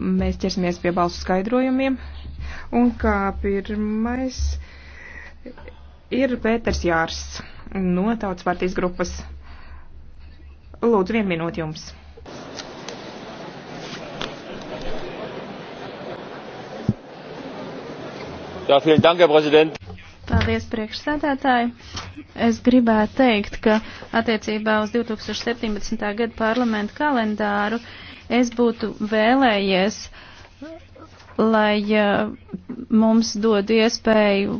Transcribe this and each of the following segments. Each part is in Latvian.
mēs ķersimies pie balsu skaidrojumiem. Un kā pirmais ir Pēters Jārs no Tautas partijas grupas. Lūdzu, vienu minūti jums. Ja, vielen Dank, Herr Präsident. Paldies, priekšsēdētāji. Es gribētu teikt, ka attiecībā uz 2017. gada parlamentu kalendāru es būtu vēlējies, lai mums dod iespēju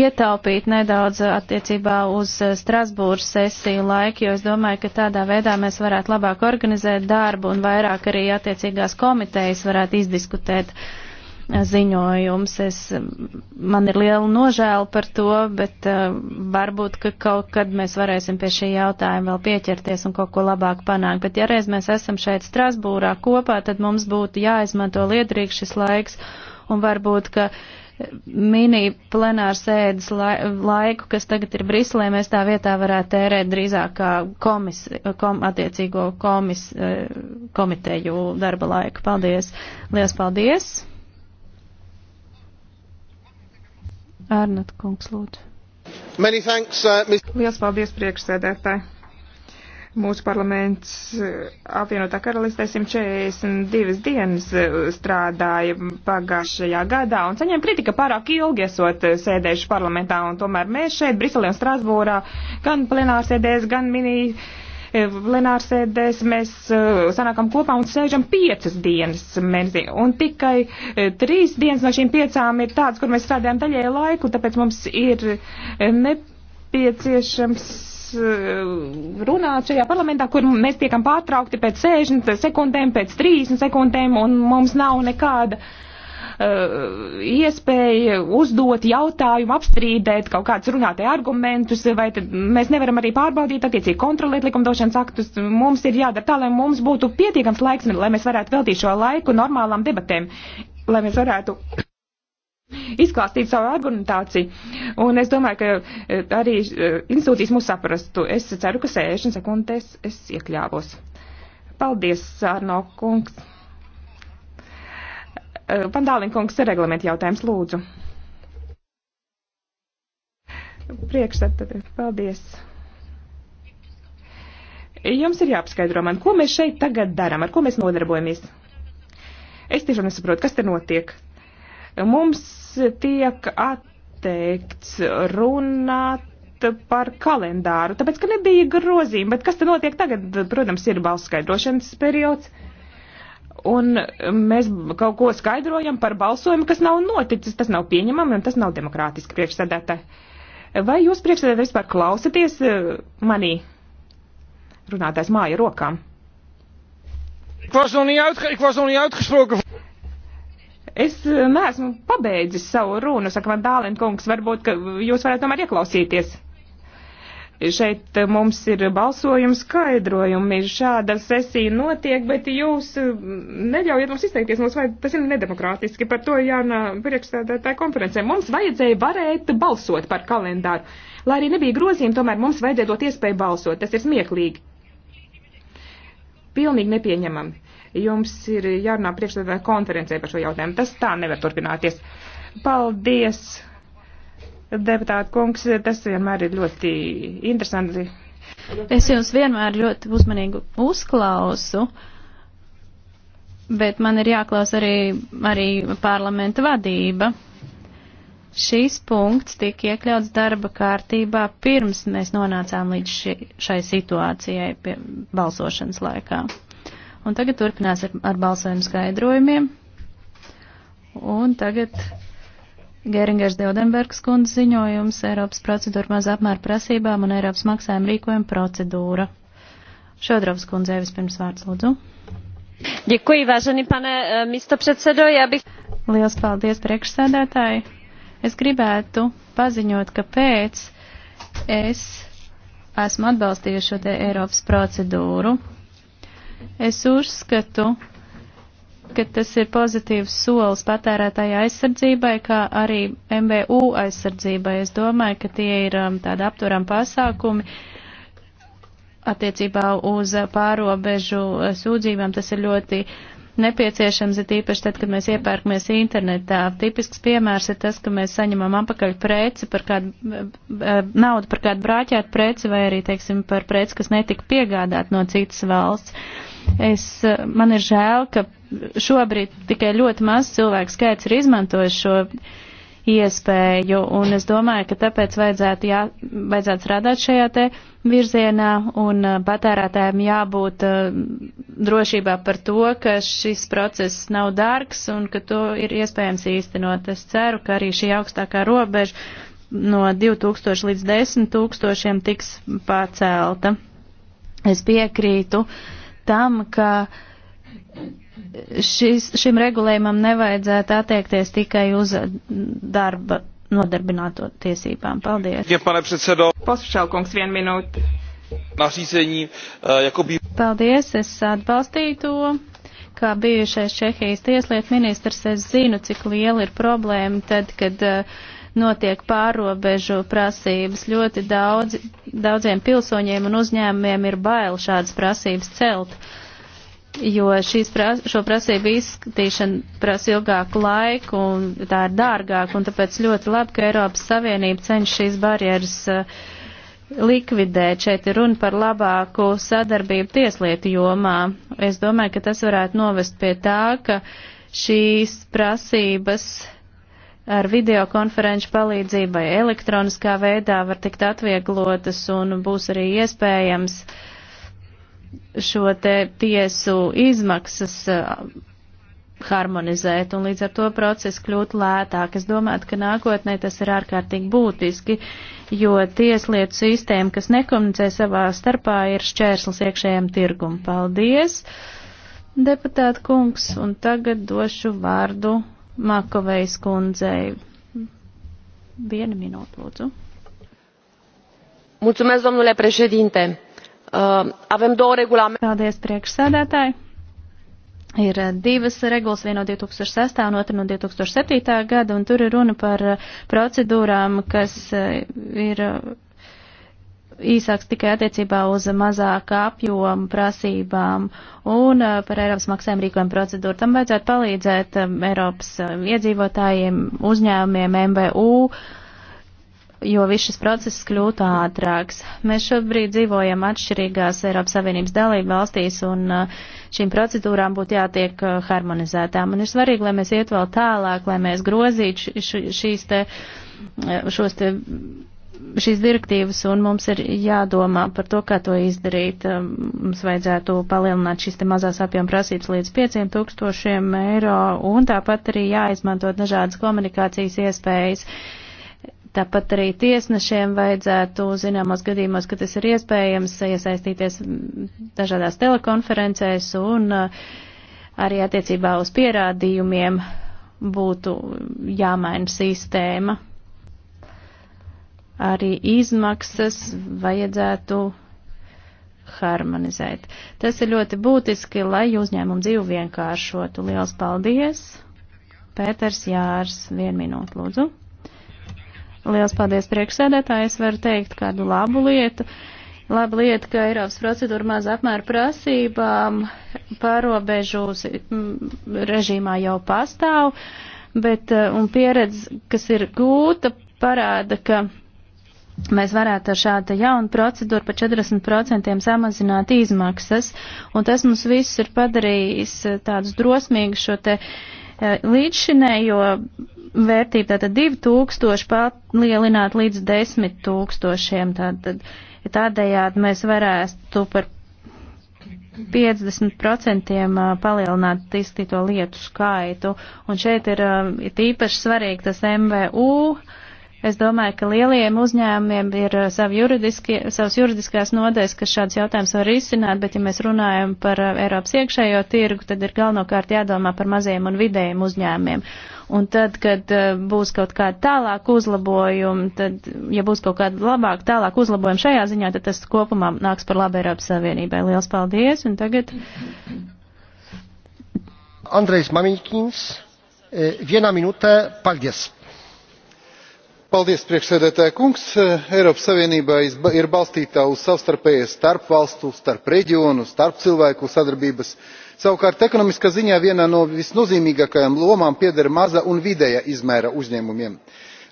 ietaupīt nedaudz attiecībā uz Strasbūras sesiju laiku, jo es domāju, ka tādā veidā mēs varētu labāk organizēt darbu un vairāk arī attiecīgās komitejas varētu izdiskutēt uh, ziņojums. Es, man ir liela nožēla par to, bet uh, varbūt, ka kaut kad mēs varēsim pie šī jautājuma vēl pieķerties un kaut ko labāk panākt. Bet ja reiz mēs esam šeit Strasbūrā kopā, tad mums būtu jāizmanto liederīgs šis laiks un varbūt, ka eh, mini plenāru sēdes laiku, kas tagad ir Briselē, mēs tā vietā varētu tērēt drīzāk kā komis, kom, attiecīgo komis, eh, komiteju darba laiku. Paldies! Lielas paldies! Ernat kungs, lūdzu. Many thanks, uh, mis... Liels paldies priekšsēdētāji. Mūsu parlaments uh, apvienotā karalistē 142 dienas uh, strādāja pagājušajā gadā un saņēma kritika pārāk ilgi esot uh, sēdējuši parlamentā un tomēr mēs šeit Briselē un Strasbūrā gan plenārsēdēs, gan mini plenārsēdēs mēs uh, sanākam kopā un sēžam piecas dienas mēnesī. Un tikai uh, trīs dienas no šīm piecām ir tādas, kur mēs strādājam daļēju laiku, tāpēc mums ir uh, nepieciešams runāt šajā parlamentā, kur mēs tiekam pārtraukti pēc 60 sekundēm, pēc 30 sekundēm, un mums nav nekāda uh, Uh, iespēja uzdot jautājumu, apstrīdēt kaut kādus runātāju argumentus, vai mēs nevaram arī pārbaudīt, attiecīgi kontrolēt likumdošanas aktus. Mums ir jādara tā, lai mums būtu pietiekams laiks, lai mēs varētu veltīt šo laiku normālām debatēm, lai mēs varētu izklāstīt savu argumentāciju. Un es domāju, ka eh, arī eh, institūcijas mūs saprastu. Es ceru, ka 60 sekundēs es iekļāvos. Paldies, Arno kungs! Pandālinkungs eh, ir reglamenta jautājums, lūdzu. Priekšsēdētāji, paldies. Jums ir jāpaskaidro man, ko mēs šeit tagad darām, ar ko mēs nodarbojamies. Es tiešām nesaprotu, kas te notiek. Mums tiek atteikts runāt par kalendāru, tāpēc, ka nebija grozījumi, bet kas te notiek tagad, protams, ir balsskaidrošanas periods un mēs kaut ko skaidrojam par balsojumu, kas nav noticis, tas nav pieņemami un tas nav demokrātiski priekšsēdētāji. Vai jūs priekšsēdētāji vispār klausaties eh, manī runātājs māja rokām? Es eh, neesmu pabeidzis savu runu, saka man Dālen kungs, varbūt, ka jūs varētu tomēr ieklausīties. Šeit eh, mums ir balsojuma skaidrojumi, šāda sesija notiek, bet jūs eh, neļaujiet mums izteikties, mums vajag, tas ir nedemokrātiski, par to jārunā priekšstādātāja konferencē. Mums vajadzēja varēt balsot par kalendāru. Lai arī nebija grozījumi, tomēr mums vajadzēja dot iespēju balsot. Tas ir smieklīgi. Pilnīgi nepieņemami. Jums ir jārunā priekšstādātāja konferencē par šo jautājumu. Tas tā nevar turpināties. Paldies! Deputāta kungs, tas vienmēr ir ļoti interesanti. Es jūs vienmēr ļoti uzmanīgi uzklausu, bet man ir jāklaus arī, arī parlamenta vadība. Šīs punkts tika iekļauts darba kārtībā pirms mēs nonācām līdz ši, šai situācijai pie balsošanas laikā. Un tagad turpinās ar, ar balsojumu skaidrojumiem. Un tagad Geringers Deodenbergs kundze ziņojums Eiropas procedūra maz apmēra prasībām un Eiropas maksājuma rīkojuma procedūra. Šodrovs kundzei vispirms vārds lūdzu. Děkuji, vážený pane eh, místo předsedo, já bych... Liels paldies, priekšsēdētāji. Es gribētu paziņot, ka pēc es esmu atbalstījuši šo te Eiropas procedūru. Es uzskatu, ka tas ir pozitīvs solis patērētāja aizsardzībai, kā arī MBU aizsardzībai. Es domāju, ka tie ir um, tādi apturam pasākumi attiecībā uz pārobežu uh, sūdzībām. Tas ir ļoti nepieciešams, ir tīpaši tad, kad mēs iepērkamies internetā. Tipisks piemērs ir tas, ka mēs saņemam apakaļ preci par kādu uh, uh, naudu, par kādu brāķētu preci vai arī, teiksim, par preci, kas netika piegādāt no citas valsts. Es, eh, man ir žēl, ka šobrīd tikai ļoti maz cilvēku skaits ir izmantojis šo iespēju, un es domāju, ka tāpēc vajadzētu, jā, vajadzētu strādāt šajā te virzienā, un eh, patērētājiem jābūt uh, drošībā par to, ka šis process nav dārgs un ka to ir iespējams īstenot. Es ceru, ka arī šī augstākā robeža no 2000 līdz 10 tūkstošiem tiks pārcelta. Es piekrītu. Uh, tam, ka šis, šim regulējumam nevajadzētu attiekties tikai uz darba nodarbināto tiesībām. Paldies. Ja, pane predsedo. Pospušalkungs, vien minūte. Nařízení, eh, jako by... Paldies, es atbalstīju to. Kā bijušais Čehijas tieslietu ministrs, es zinu, cik liela ir problēma tad, kad uh, notiek pārobežu prasības. Ļoti daudz, daudziem pilsoņiem un uzņēmumiem ir bail šādas prasības celt, jo šīs, pras, šo prasību izskatīšana prasa ilgāku laiku un tā ir dārgāk, un tāpēc ļoti labi, ka Eiropas Savienība cenš šīs barjeras uh, likvidēt. Šeit ir runa par labāku sadarbību tieslietu jomā. Es domāju, ka tas varētu novest pie tā, ka šīs prasības ar videokonferenču palīdzību vai elektroniskā veidā var tikt atvieglotas un būs arī iespējams šo te tiesu izmaksas uh, harmonizēt un līdz ar to procesu kļūt lētāk. Es domāju, ka nākotnē tas ir ārkārtīgi būtiski, jo tieslietu sistēma, kas nekomunicē savā starpā, ir šķērslis iekšējiem tirgum. Paldies, deputāta kungs, un tagad došu vārdu Makovejas kundzei. Vienu minūtu, lūdzu. Mulțumesc, domnule președinte. Uh, avem două regulamente. Paldies, priekšsēdētāji. Ir divas regulas, viena no 2006. un otra no 2007. gada, un tur ir runa par procedūrām, kas uh, ir īsāks tikai attiecībā uz mazāka apjoma prasībām un uh, par Eiropas maksājumu rīkojumu procedūru. Tam vajadzētu palīdzēt um, Eiropas um, iedzīvotājiem, uzņēmumiem, MBU, jo viss šis process kļūtu ātrāks. Mēs šobrīd dzīvojam atšķirīgās Eiropas Savienības dalību valstīs un uh, šīm procedūrām būtu jātiek uh, harmonizētām. Un ir svarīgi, lai mēs iet vēl tālāk, lai mēs grozītu šīs te, šos te šīs direktīvas, un mums ir jādomā par to, kā to izdarīt. Um, mums vajadzētu palielināt šīs te mazās apjoma prasības līdz 5000 eiro, un tāpat arī jāizmanto dažādas komunikācijas iespējas. Tāpat arī tiesnešiem vajadzētu, zināmos gadījumos, ka tas ir iespējams, iesaistīties dažādās telekonferencēs un uh, arī attiecībā uz pierādījumiem būtu jāmaina sistēma arī izmaksas vajadzētu harmonizēt. Tas ir ļoti būtiski, lai uzņēmumu dzīvi vienkāršotu. Liels paldies! Pēters Jārs, vienu minūtu lūdzu. Liels paldies priekšsēdētāji, es varu teikt kādu labu lietu. Laba lieta, ka Eiropas procedūra maz apmēra prasībām pārobežu režīmā jau pastāv, bet eh, un pieredze, kas ir gūta, parāda, ka mēs varētu ar šādu jaunu procedūru par 40% samazināt izmaksas, un tas mums visus ir padarījis eh, tādus drosmīgus šo te eh, līdzšinējo vērtību, tātad 2000 palielināt līdz 10 tūkstošiem, tātad tādējādi mēs varētu par 50% eh, palielināt izskatīto lietu skaitu, un šeit ir, ir īpaši svarīgi tas MVU, uh, Es domāju, ka lielajiem uzņēmumiem ir eh, savi juridiski, savs juridiskās nodeļas, kas šāds jautājums var izsināt, bet ja mēs runājam par eh, Eiropas iekšējo tirgu, tad ir galvenokārt jādomā par mazajiem un vidējiem uzņēmumiem. Un tad, kad eh, būs kaut kāda tālāka uzlabojuma, tad, ja būs kaut kāda labāka, tālāka uzlabojuma šajā ziņā, tad tas kopumā nāks par labu Eiropas Savienībai. Liels paldies! Un tagad. Andrejs Mamikins, viena minūte, paldies! priekšsēdētāja kungs eh, eiropas savienība ir balstīta uz savstarpējas starp valstu starp reģionu starp cilvēku sadarbības. savukārt ekonomiskā ziņā viena no visnozīmīgākajām lomām pieder maza un vidēja izmēra uzņēmumiem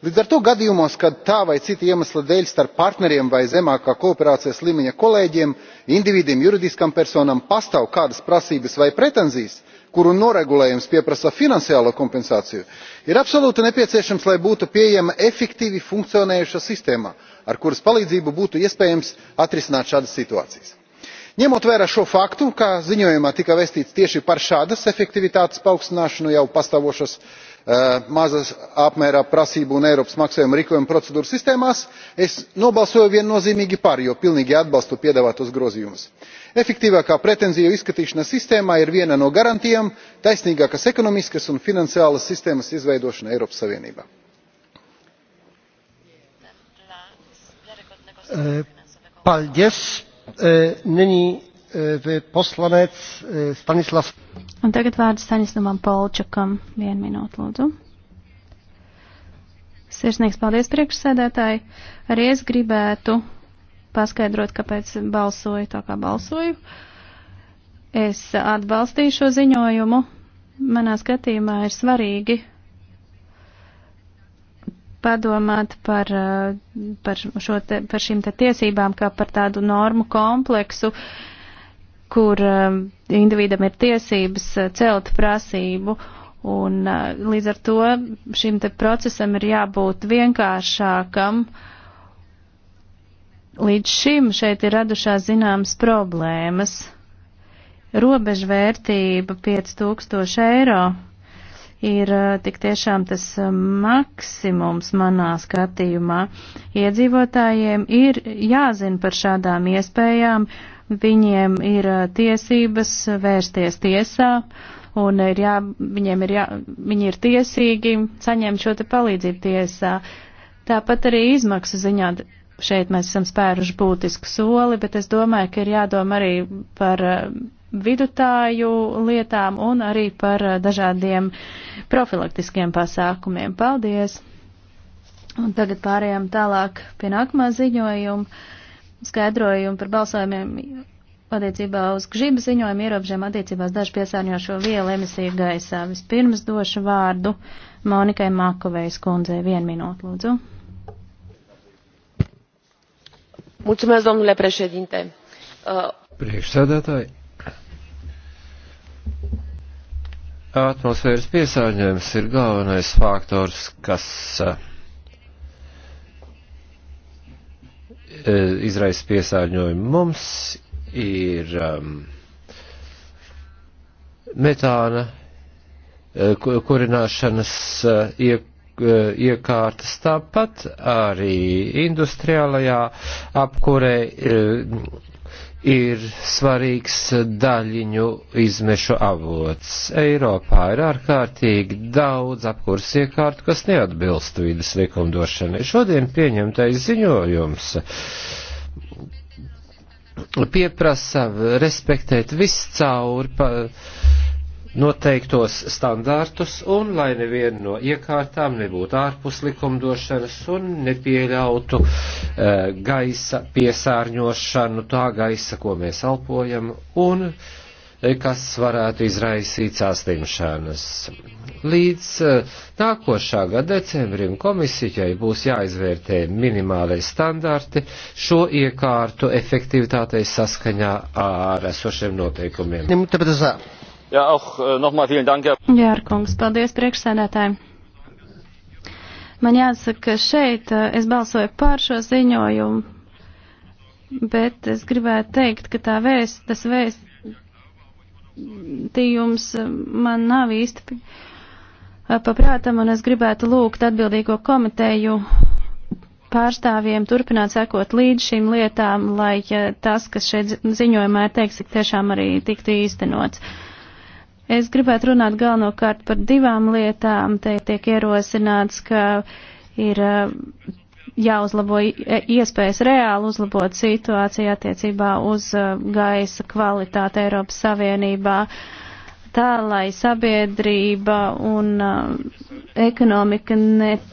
līdz ar to gadījumos kad tā vai cita iemesla dēļ starp partneriem vai zemākā kooperācijas līmeņa kolēģiem indivīdiem juridiskām personām pastāv kādas prasības vai pretenzijas kuru noregulējums pieprasa finansiālo kompensāciju ir absolūti nepieciešams lai būtu pieejama efektīvi funkcionējoša sistēma ar kuras palīdzību būtu iespējams atrisināt šādas situācijas. ņemot vērā šo faktu ka ziņojumā tika vēstīts tieši par šādas efektivitātes paaugstināšanu jau pastāvošos Eh, maza apmērā prasību un eiropas maksājuma rīkojumu procedūru sistēmās es nobalsoju viennozīmīgi par jo pilnībā atbalstu piedāvātos grozījumus. efektīvākā pretenziju izskatīšanas sistēma ir viena no garantijām taisnīgākas ekonomiskas un finansiālas sistēmas izveidošanai eiropas savienībā. Eh, paldies! Eh, nyní Eh, eh, poslanec eh, Stanislavs. Un tagad vārds Staņisnavam Polčakam. Vienu minūtu, lūdzu. Sirsnīgs paldies priekšsēdētāji. Arī es gribētu paskaidrot, kāpēc balsoju tā, kā balsoju. Es atbalstīju šo ziņojumu. Manā skatījumā ir svarīgi padomāt par, par, šo te, par šīm te tiesībām, kā par tādu normu kompleksu. Uh, kur um, individam ir tiesības uh, celt prasību. Un uh, līdz ar to šim te procesam ir jābūt vienkāršākam. Līdz šim šeit ir radušās zināmas problēmas. Robežvērtība 5000 eiro ir uh, tik tiešām tas maksimums manā skatījumā. Iedzīvotājiem ir jāzina par šādām iespējām, Viņiem ir tiesības vērsties tiesā un ir jā, viņiem ir jā, viņi ir tiesīgi saņemt šo te palīdzību tiesā. Tāpat arī izmaksu ziņā šeit mēs esam spēruši būtisku soli, bet es domāju, ka ir jādomā arī par vidutāju lietām un arī par dažādiem profilaktiskiem pasākumiem. Paldies! Un tagad pārējām tālāk pie nākamā ziņojuma skaidrojumu par balsojumiem attiecībā uz gžiba ziņojumu ierobežiem attiecībās dažu piesārņošo vielu emisiju gaisā. Vispirms došu vārdu Monikai Makovejas kundzei. Vienu minūtu, lūdzu. Mulțumesc, domnule președinte. Uh, Priekšsēdētāji. Atmosfēras piesārņojums ir galvenais faktors, kas uh, Eh, izraisa piesārņojumu. Mums ir um, metāna eh, kurināšanas eh, iekļūšanas iekārtas, tāpat arī industriālajā apkurē ir svarīgs daļiņu izmešu avots. Eiropā ir ārkārtīgi daudz apkurs iekārtu, kas neatbilst vidas likumdošanai. Šodien pieņemtais ziņojums pieprasa respektēt viscauri. Pa, uh, noteiktos standārtus un lai neviena no iekārtām nebūtu ārpus likumdošanas un nepieļautu e, gaisa piesārņošanu, tā gaisa, ko mēs elpojam, un e, kas varētu izraisīt sāslimšanas. Līdz e, nākošā gada decembrim komisijai būs jāizvērtē minimālais standarti šo iekārtu efektivitātei saskaņā ar esošiem noteikumiem. Tāpēc, Jā, auch äh, nochmal vielen dank. Jā, kungs, paldies priekšsēdētājiem. Man jāsaka, ka šeit äh, es balsoju par šo ziņojumu, bet es gribētu teikt, ka tā vēst, tas vēstījums äh, man nav īsti paprātam, un es gribētu lūgt atbildīgo komiteju pārstāvjiem turpināt sekot līdz šīm lietām, lai tas, kas šeit ziņojumā ir teiks, tiešām arī tiktu īstenots. Uh, Es gribētu runāt galvenokārt par divām lietām. Te tiek ierosināts, ka ir eh, jāuzlabo eh, iespējas reāli uzlabot situāciju attiecībā uz eh, gaisa kvalitāti Eiropas Savienībā. Tā, lai sabiedrība un ekonomika net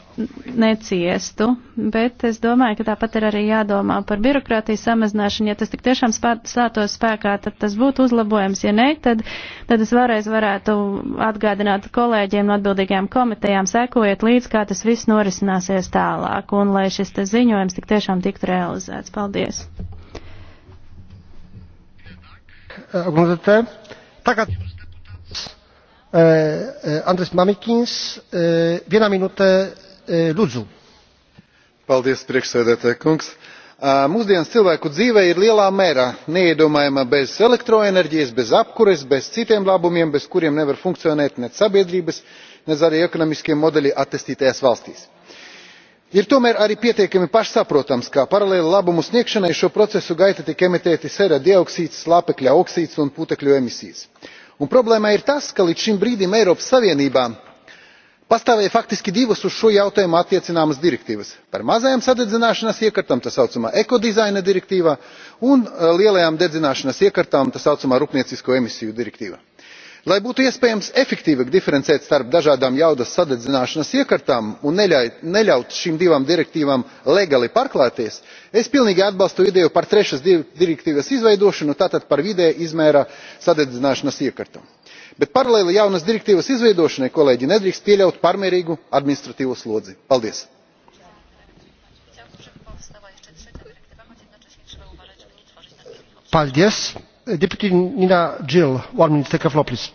neciestu, bet es domāju, ka tāpat ir arī jādomā par birokrātiju samazināšanu. Ja tas tik tiešām stātos spēkā, tad tas būtu uzlabojums. Ja ne, tad, tad es vēlreiz varētu atgādināt kolēģiem no atbildīgajām komitejām, sekojiet līdz, kā tas viss norisināsies tālāk, un lai šis ziņojums tik tiešām tiktu realizēts. Paldies! tagad eh, eh, andris mamikins eh, viena minūte E, lūdzu. Paldies, priekšsēdētāja kungs. Mūsdienas cilvēku dzīve ir lielā mērā neiedomājama bez elektroenerģijas, bez apkures, bez citiem labumiem, bez kuriem nevar funkcionēt ne sabiedrības, ne arī ekonomiskie modeļi attīstītajās valstīs ir tomēr arī pietiekami pašsaprotams ka paralēli labumu sniegšanai šo procesu gaitā tiek emitēti sēra dioksīds slāpekļa oksīds un putekļu emisijas. un problēma ir tas ka līdz šim brīdim eiropas savienībā pastāvēja faktiski divas uz šo jautājumu attiecināmas direktīvas par mazajām sadedzināšanās iekartām tā saucamā ekodizaina direktīva un e, lielajām dedzināšanas iekartām tā saucamā rūpniecisko emisiju direktīva. lai būtu iespējams efektīvāk diferencēt starp dažādām jaudas sadedzināšanas iekartām un neļaut šīm divām direktīvām legāli pārklāties es pilnīgi atbalstu ideju par trešās direktīvas izveidošanu tātad par vidēja izmēra sadedzināšanas iekartām bet paralēli jaunas direktīvas izveidošanai kolēģi nedrīkst pieļaut pārmērīgu administratīvo slodzi. paldies! paldies! deputy nina gill one minute take the floor please.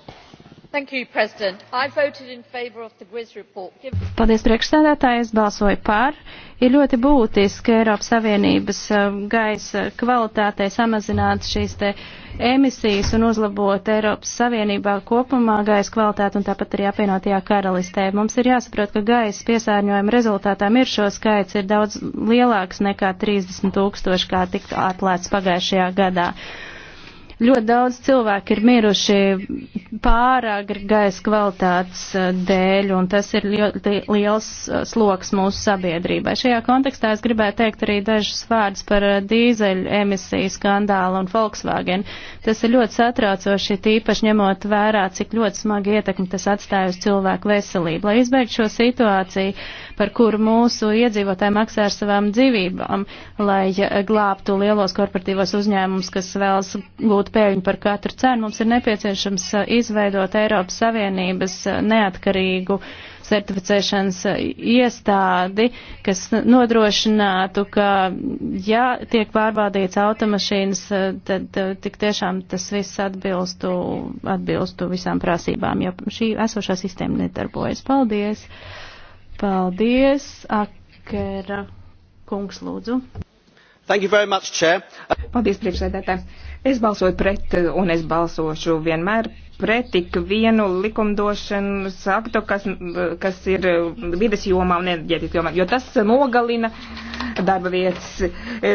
Paldies priekšstādātāji, es balsoju par. Ir ļoti būtiski Eiropas Savienības um, gaisa kvalitātei samazināt šīs te emisijas un uzlabot Eiropas Savienībā kopumā gaisa kvalitāti un tāpat arī apvienotajā karalistē. Mums ir jāsaprot, ka gaisa piesārņojuma rezultātā miršo skaits ir daudz lielāks nekā 30 tūkstoši, kā tika atklāts pagājušajā gadā. Ļoti daudz cilvēku ir miruši pāragri gaisa kvalitātes eh, dēļ, un tas ir ļoti liels eh, sloks mūsu sabiedrībai. Šajā kontekstā es gribēju teikt arī dažus vārdus par eh, dīzeļu emisiju skandālu un Volkswagen. Tas ir ļoti satraucoši, tīpaši ņemot vērā, cik ļoti smagi ietekmi tas atstāja uz cilvēku veselību. Lai izbeigtu šo situāciju, par kuru mūsu iedzīvotāji maksā ar savām dzīvībām, lai glābtu lielos korporatīvos uzņēmumus, kas vēlas gūt gūt pēļņu par katru cenu, mums ir nepieciešams uh, izveidot Eiropas Savienības uh, neatkarīgu certificēšanas uh, iestādi, kas nodrošinātu, ka, ja tiek pārbaudīts automašīnas, tad tik tiešām tas viss atbilstu, atbilstu visām prasībām, jo šī esošā sistēma nedarbojas. Paldies! Paldies! Akera kungs lūdzu! Much, Paldies, priekšsēdētāji! Es balsoju pret, un es balsošu vienmēr pret tik vienu likumdošanas aktu, kas, kas ir vides jomā un enerģētikas jomā, jo tas nogalina darba vietas.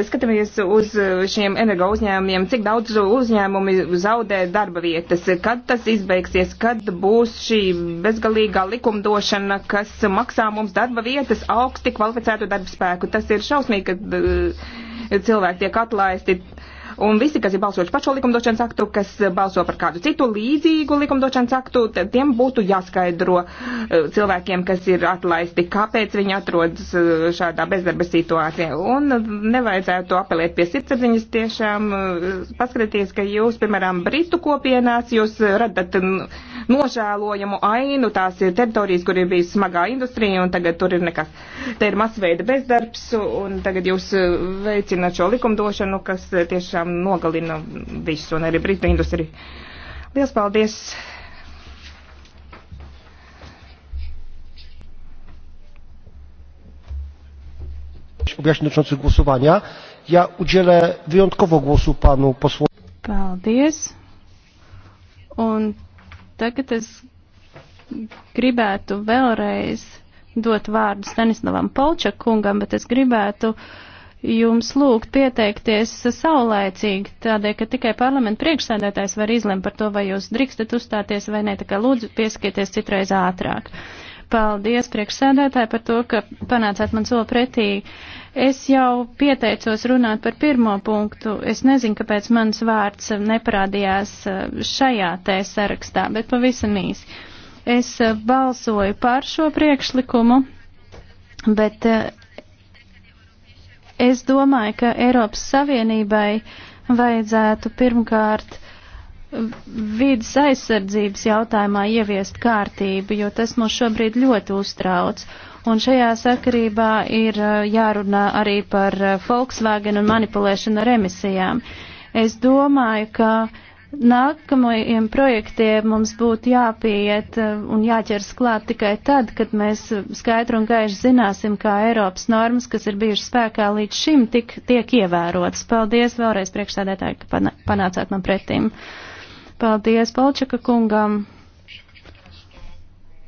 Skatāmies uz šiem energo uzņēmumiem, cik daudz uzņēmumi zaudē darba vietas, kad tas izbeigsies, kad būs šī bezgalīgā likumdošana, kas maksā mums darba vietas augsti kvalificētu darba spēku. Tas ir šausmīgi, kad eh, cilvēki tiek atlaisti Un visi, kas ir balsojuši par šo likumdošanas aktu, kas balso par kādu citu līdzīgu likumdošanas aktu, tiem būtu jāskaidro e, cilvēkiem, kas ir atlaisti, kāpēc viņi atrodas e, šādā bezdarba situācijā. Un nevajadzētu apelēt pie sirdsapziņas tiešām e, paskatīties, ka jūs, piemēram, Britu kopienās, jūs radat. Nu, nožēlojamu ainu. Tās ir teritorijas, kur ir bijusi smagā industrija, un tagad tur ir nekas. Te ir masveida bezdarbs, un tagad jūs eh, veicināt šo likumdošanu, kas eh, tiešām nogalina visu, un arī Britu industriju. Liels paldies! objaśnień dotyczących głosowania. Ja udzielę wyjątkowo głosu panu posłowi. Paldies. Un Tagad es gribētu vēlreiz dot vārdu Stanislavam Polčakungam, bet es gribētu jums lūgt pieteikties saulēcīgi, tādēļ, ka tikai parlamenta priekšsēdētājs var izlemt par to, vai jūs drīkstat uzstāties vai ne, tā kā lūdzu pieskieties citreiz ātrāk. Uh, Paldies priekšsēdētāji par to, ka panācāt man soli pretī. Es jau pieteicos runāt par pirmo punktu. Es nezinu, kāpēc mans vārds neparādījās eh, šajā tē sarakstā, bet pavisam īsi. Es eh, balsoju par šo priekšlikumu, bet eh, es domāju, ka Eiropas Savienībai vajadzētu pirmkārt vidas aizsardzības jautājumā ieviest kārtību, jo tas mūs šobrīd ļoti uztrauc. Un šajā sakarībā ir uh, jārunā arī par uh, Volkswagen un manipulēšanu ar emisijām. Es domāju, ka nākamajiem projektiem mums būtu jāpieiet uh, un jāķers klāt tikai tad, kad mēs skaidri un gaiši zināsim, kā Eiropas normas, kas ir bijušas spēkā līdz šim, tik, tiek ievērotas. Paldies vēlreiz priekšsēdētāji, ka panācāt man pretīm. Uh, Paldies Balčaka kungam.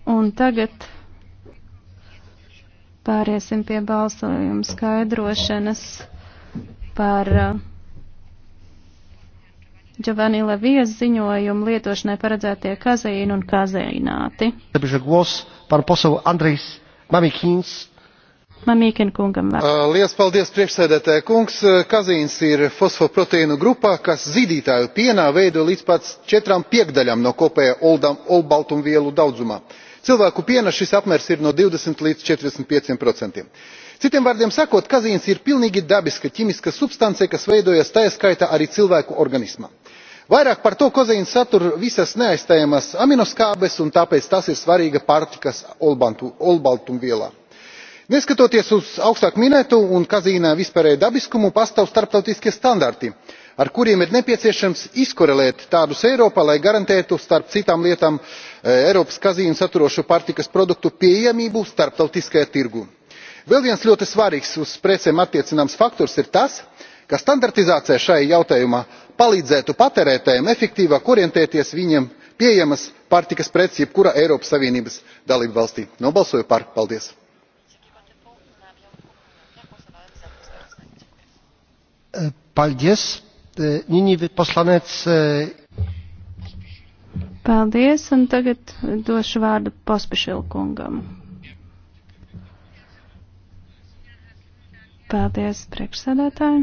Un tagad pāriesim pie balsojuma skaidrošanas par uh, Giovanni Levijas ziņojumu lietošanai paredzētie kazeīni un kazeināti. Par posavu Andrejs Mamikins Uh, Lielas paldies, priekšsēdētāja kungs! Uh, kazīns ir fosfoproteīnu grupā, kas zīdītāju pienā veido līdz pat četrām piekdaļām no kopējā olbaltumvielu daudzuma. Cilvēku piena šis apmērs ir no 20 līdz 45%. Citiem vārdiem sakot, kazīns ir pilnīgi dabiska ķīmiska substance, kas veidojas tā skaitā arī cilvēku organismā. Vairāk par to kazīns satur visas neaizstājamas aminoskābes, un tāpēc tas ir svarīga pārtikas olbaltumviela neskatoties uz augstāk minēto un kazīna vispārējo dabiskumu pastāv starptautiskie standarti ar kuriem ir nepieciešams izkorelēt tādus eiropā lai garantētu starp citām lietām eh, eiropas kazīnu saturošu pārtikas produktu pieejamību starptautiskajā tirgū. vēl viens ļoti svarīgs uz precēm attiecināms faktors ir tas ka standartizācija šai jautājumā palīdzētu patērētājiem efektīvāk orientēties viņiem pieejamas pārtikas preces jebkurā eiropas savienības dalībvalstī. nobalsoju par! paldies! E, paldies! E, Nini poslanec. E, paldies, un tagad došu vārdu pospešilkungam. Paldies, priekšsēdētāji.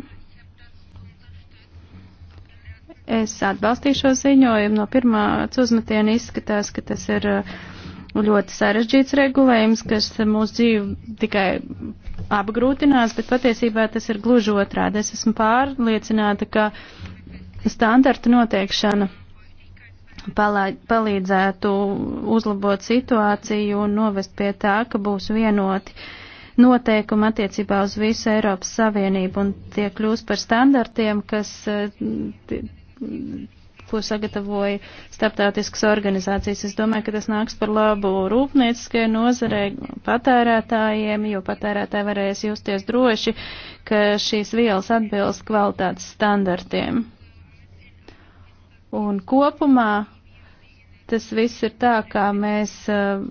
Es atbalstīšu šo ziņojumu. No pirmā uzmetiena izskatās, ka tas ir ļoti sarežģīts regulējums, kas mūsu dzīvi tikai apgrūtinās, bet patiesībā tas ir gluži otrādi. Es esmu pārliecināta, ka standarta noteikšana palīdzētu uzlabot situāciju un novest pie tā, ka būs vienoti noteikumi attiecībā uz visu Eiropas Savienību un tie kļūs par standartiem, kas eh, ko sagatavoja starptautiskas organizācijas. Es domāju, ka tas nāks par labu rūpnieciskajai nozarei, patērētājiem, jo patērētāji varēs justies droši, ka šīs vielas atbilst kvalitātes standartiem. Un kopumā tas viss ir tā, kā mēs, eh,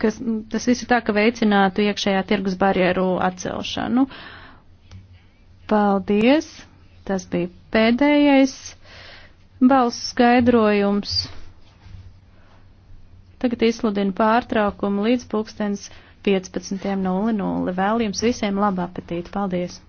kas, tas viss ir tā, ka veicinātu iekšējā tirgus barjeru atcelšanu. Paldies! Tas bija pēdējais Balsts skaidrojums. Tagad izsludinu pārtraukumu līdz pulkstens 15.00. Vēl jums visiem labu apetīti! Paldies!